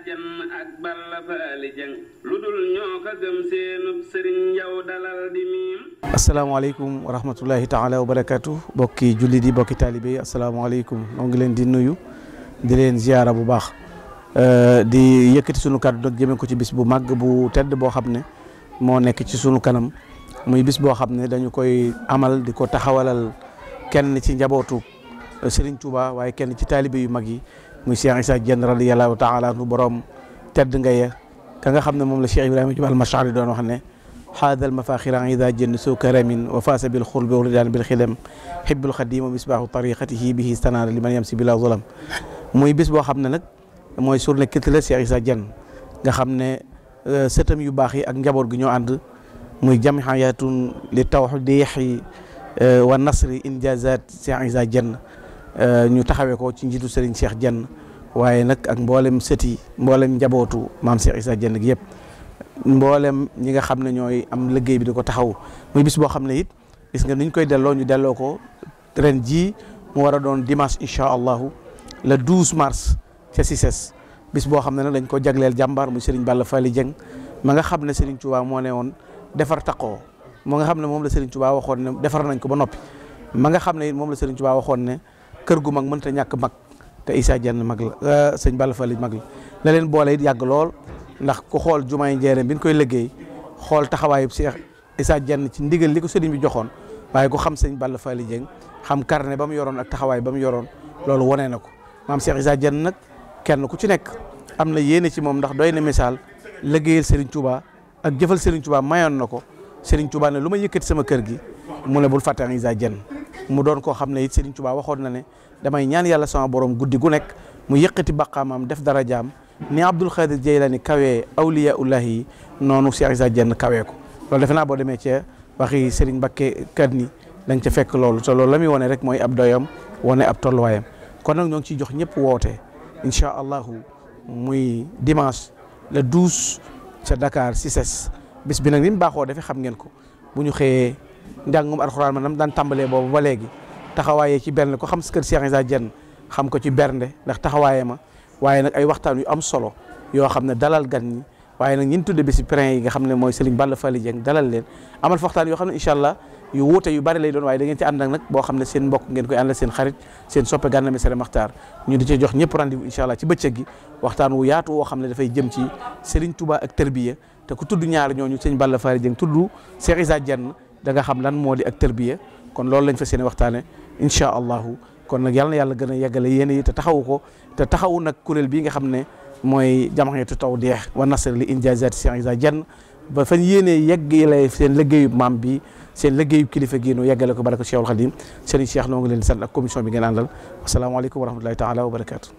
jam ak balla faali jëng lu dul barakaatu bokki jullit yi bokki taalibe yi asalaamaaleykum noo ngi leen di nuyu di leen ziyaara bu baax euh, di yëkkati sunu kàddu nag jëme ko ci bis bu màgg bu tedd boo xam ne moo nekk ci sunu kanam muy bis boo xam ne dañu koy amal di ko taxawalal kenn ci njabootu euh, sëriñ Touba waaye kenn ci taalibe yu mag yi muy Cheikh Issa Diène radiyallahu taala anhu borom tedd nga ya ka xam ne moom la Cheikh Ibrahima Jub al-Mashari doon wax ne haadha al-mafakhira idha jenn suu karamin wa faasa bil xurbi wa ridaan bil xidam hibbul xadim wa misbaahu tariqatihi bihi stanaara liman yamsi bila zulam muy bis boo xam ne nag mooy journée culturelle Cheikh Issa Diène nga xam ne euh, sëtam yu baax yi ak njaboot gi ñoo ànd muy jamhiyatun li tawxideexi euh, wa nasri injazat Cheikh Issa Diène Euh, ñu taxawee ko ci njiitu Serigne Cheikh Jenn waaye nag ak mboolem sëti mboolem njabootu maam Cheikh Issa Jenn gi yëpp mboolem ñi nga xam ne ñooy am liggéey bi di ko taxaw muy bis boo xam ne it gis nga niñ koy delloo ñu delloo ko ren jii mu war a doon dimanche incha allahu le 12 mars ca Cissés bis boo xam ne nag dañ ko jagleel jàmbaar muy Serigne Balla Fally Dieng ma nga xam ne Serigne Touba moo ne woon defar taqoo moo nga xam ne moom la Serigne Touba waxoon ne defar nañ ko ba noppi ma nga xam ne it moom la Serigne Touba waxoon ne kër gu mag ta ñàkk mag te Issa Diagne mag la euh, sëñ Balla Fall mag la la leen boole it yàgg lool ndax ku xool jumaay Njaaréem bi ñu koy liggéey xool taxawaay taxawaayu Cheikh Issa jenn ci ndigal li ko sëriñ bi joxoon waaye ko xam sëñ Balla Fall Dieng xam carnet ba mu yoroon ak taxawaay ba mu yoroon loolu wane na ko maam Cheikh Issa Diagne nag kenn ku ci nekk am na yéene ci moom ndax doy na misaal liggéeyal Serigne Touba ak jëfal Serigne Touba mayoon na ko Serigne Touba ne lu ma yëkkati sama kër gi mu ne bul fàtte Issa Diagne mu doon koo xam ne it Serigne Touba waxoon na ne damay ñaan yàlla sama borom guddi gu nekk mu yëkkati baqaamam def dara jaam ni Abdul Xaadir Jeylaani kawee awliyaullahi yi noonu Cheikh Issa Diène kawee ko loolu defe naa boo demee ca waxi Serigne Mbacké Kani ni nga ci fekk loolu te la muy wone rek mooy ab doyam wane ab tolluwaayam kon nag ñoo ngi ciy jox ñëpp woote incha allahu muy dimanche le 12 ca Dakar CICES bis bi nag mu baaxoo defee xam ngeen ko njàngum alxuraan maanaam daan tàmbalee boobu ba léegi taxawaayee ci bernde ko xam si kër Cheikh Issa Diène xam ko ci bernde ndax taxawaayee ma waaye nag ay waxtaan yu am solo yoo xam ne dalal gan ñi waaye nag ñun tudde bi si prin yi nga xam ne mooy Serigne Balla Fally Dieng dalal leen amal fa yoo xam ne incha allah yu yu bari lay doon waaye da ngeen ci ànd boo xam ne seen mbokk ngeen koy àndal seen seen soppe Gana Messere Maxtaar ñu di ci jox ñëpp rendez-vous incha allah ci waxtaan wu yaatu woo xam ne dafay jëm ci Serigne Touba ak Terbiya te ku tudd ñaar ñooñu Serigne Balla Fally Dieng tudd Cheikh Issa Diène da nga xam lan moo di ak tërbiya kon loolu lañ fa seen waxtaane incha allahu kon nag yàlla na yàlla gën a yàggale yéen yi te taxawu ko te taxawu nag kuréel bii nga xam ne mooy jamaxeetu tawdeex wa nasr li injazat siza jenn ba fañ yéenee yeggale seen liggéeyub maam bi seen liggéeyub kilifa gi nu yàggale ko baraka Cheikhul Khadim Serigne Cheikh noo ngi leen di ak commission bi ngeen àndal asalaamaaleykum wa rahmatullahi taala wa barakaatu